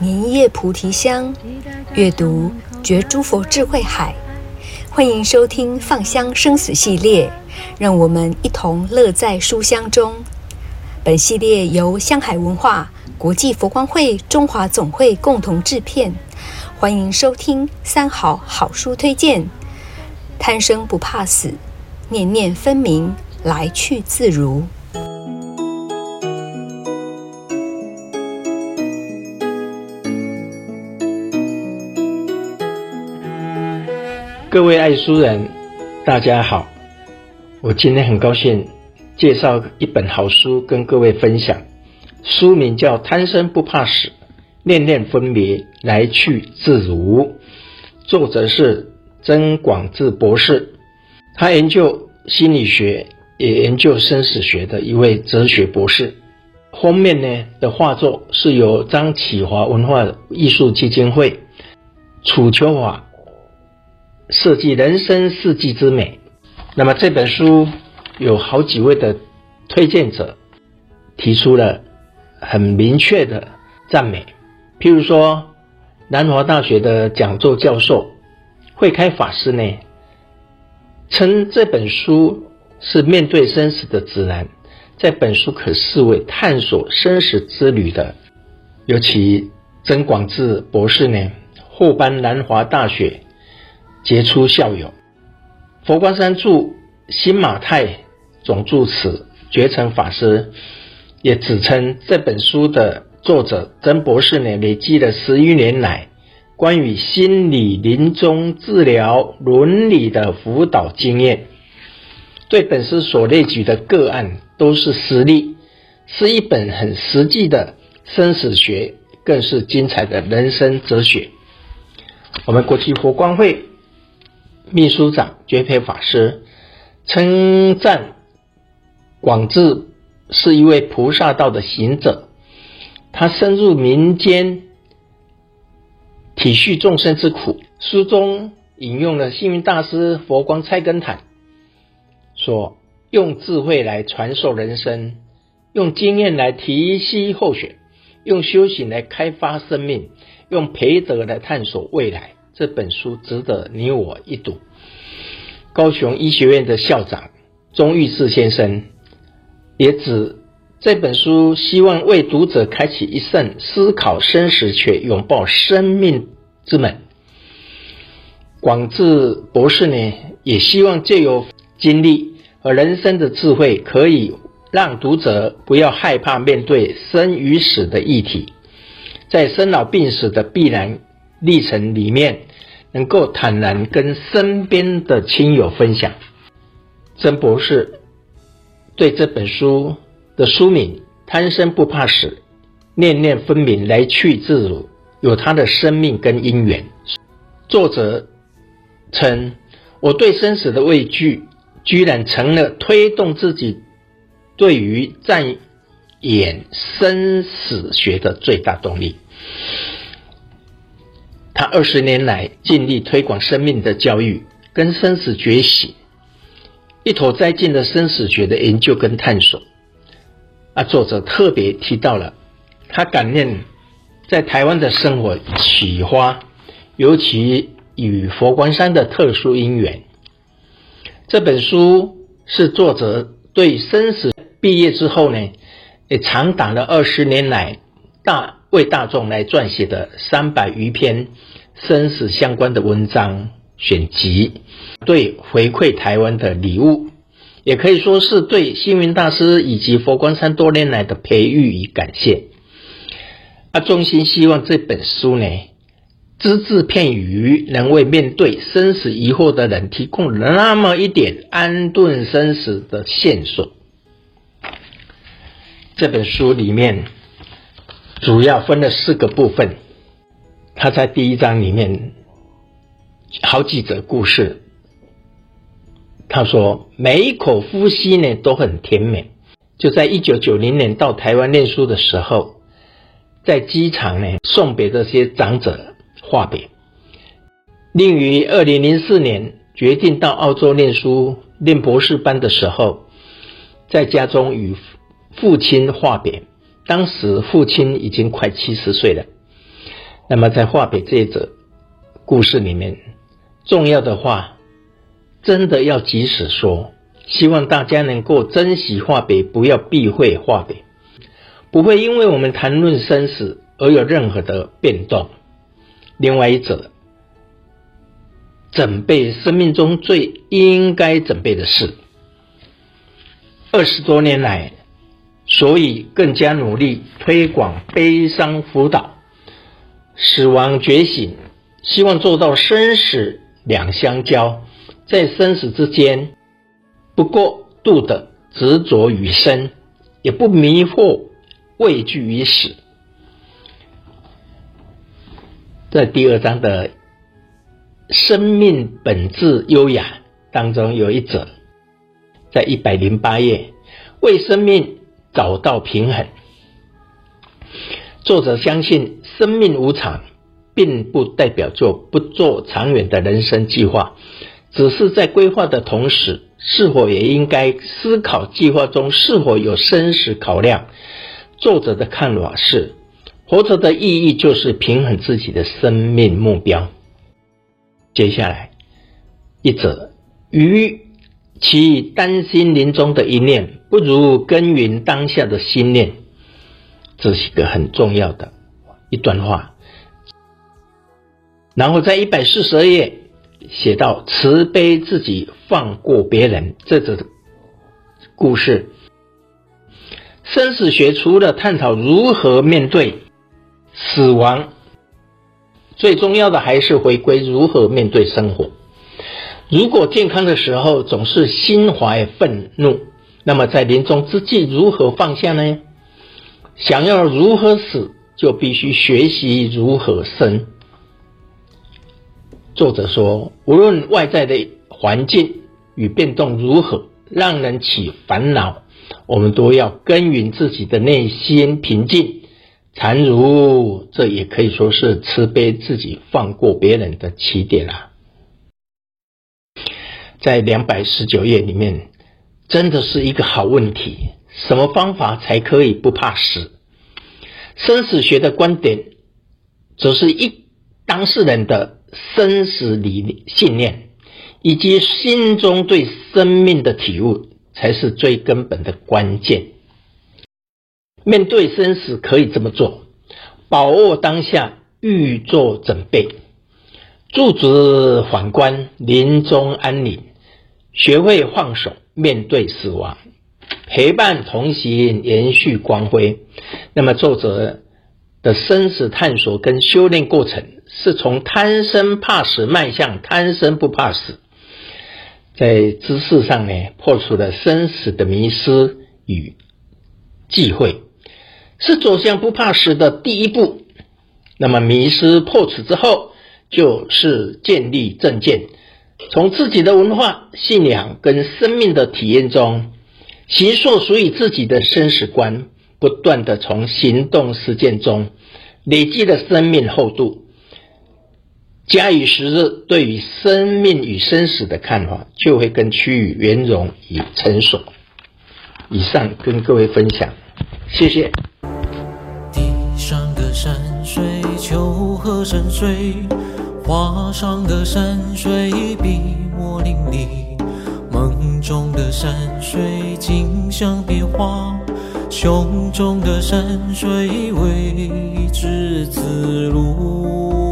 蓮葉菩提香，閱讀覺諸佛智慧海。歡迎收聽《Fun 香生死》系列，讓我們一同樂在書香中。本系列由香海文化國際佛光會中華總會共同制片。歡迎收聽三好好書推薦：貪生不怕死，念念分明，來去自如。各位愛書人，大家好！我今天很高興介紹一本好書跟各位分享，書名叫《貪生不怕死，念念分明來去自如》，作者是曾廣志博士，他研究心理學，也研究生死學的一位哲學博士。封面呢的畫作是由張啟華文化藝術基金會楚秋華。設計人生四季之美。那麼這本書有好幾位的推薦者提出了很明確的讚美，譬如說南華大學的講座教授慧開法師呢，稱這本書是面對生死的指南，在本書可視為探索生死之旅的。尤其曾廣志博士呢，獲頒南華大學。杰出校友，佛光山駐新馬泰總住持，覺誠法師也指稱這本書的作者曾博士呢，累積了十餘年來關於心理臨終治療倫理的輔導經驗，對本書所列舉的個案都是實例，是一本很實際的生死學，更是精彩的人生哲學。我們國際佛光會。秘書長覺培法師稱讚廣智是一位菩薩道的行者，他深入民間，體恤眾生之苦。書中引用了星雲大師《佛光菜根譚》，說：“用智慧來傳授人生，用經驗來提息後學，用修行來開發生命，用培德來探索未來。”這本書值得你我一讀。高雄醫學院的校長鍾玉世先生也指這本書，希望為讀者開啟一扇思考生死卻擁抱生命之門。廣智博士呢也希望借由經歷和人生的智慧，可以讓讀者不要害怕面對生與死的議題，在生老病死的必然歷程裡面。能夠坦然跟身邊的親友分享，曾博士對這本書的書名《貪生不怕死，念念分明來去自如》，有他的生命跟因緣。作者稱：“我對生死的畏懼，居然成了推動自己對於鑽研生死學的最大動力。”他二十年來盡力推廣生命的教育，跟生死覺醒，一頭栽進了生死學的研究跟探索。啊，作者特別提到了他感念在台灣的生活啟發，尤其與佛光山的特殊因緣。這本書是作者對生死畢業之後呢，也長達了二十年來大。為大眾來撰寫的三百餘篇生死相關的文章選集，對回饋台灣的禮物，也可以說是對星雲大師以及佛光山多年來的培育與感謝。啊，衷心希望這本書呢，只字片語能為面對生死疑惑的人提供那麼一點安頓生死的線索。這本書裡面。主要分了四個部分，他在第一章裡面好幾則故事。他說每一口呼吸呢，都很甜美。就在一九九零年到台灣念書的時候，在機場呢送別這些長者話別。另於二零零四年決定到澳洲念書念博士班的時候，在家中與父親話別。當時父親已經快七十歲了，那麼在話別這一則故事裡面，重要的話真的要及時說，希望大家能夠珍惜話別，不要避諱話別，不會因為我們談論生死而有任何的變動。另外一則，準備生命中最應該準備的事。二十多年來。所以更加努力推廣悲傷輔導、死亡覺醒，希望做到生死兩相交，在生死之間不過度的執着於生，也不迷惑畏懼於死。在第二章的“生命本質優雅”當中有一則，在一百零八頁，為生命。找到平衡。作者相信，生命無常，並不代表就不做長遠的人生計劃，只是在規劃的同時，是否也應該思考計劃中是否有生死考量？作者的看法是：活着的意義就是平衡自己的生命目標。接下來，一則魚。其擔心臨終的一念，不如耕耘當下的心念，這是一個很重要的一段話。然後在一百四十二頁寫到：慈悲自己，放過別人，這這故事。生死學除了探討如何面對死亡，最重要的還是回歸如何面對生活。如果健康的時候總是心懷憤怒，那麼在臨終之際如何放下呢？想要如何死，就必須學習如何生。作者說，無論外在的環境與變動如何讓人起煩惱，我們都要耕耘自己的內心平靜，禪如這也可以說是慈悲自己、放過別人的起點啦、啊。在兩百十九頁裡面，真的是一個好問題。什麼方法才可以不怕死？生死學的觀點，則是一當事人的生死理信念，以及心中對生命的體悟，才是最根本的關鍵。面對生死，可以這麼做：把握當下，預做準備，駐足反觀，臨終安寧。學會放手，面對死亡，陪伴同行，延續光輝。那麼作者的生死探索跟修煉過程，是從貪生怕死邁向貪生不怕死，在知識上呢，破除了生死的迷失與忌諱，是走向不怕死的第一步。那麼迷失破除之後，就是建立正見。從自己的文化信仰跟生命的體驗中，形塑屬於自己的生死觀，不斷地從行動實踐中累積的生命厚度，假以時日，對於生命與生死的看法就會更趨於圓融與成熟。以上跟各位分享，謝謝。畫上的山水筆墨淋漓，夢中的山水景象變化，胸中的山水為之自如。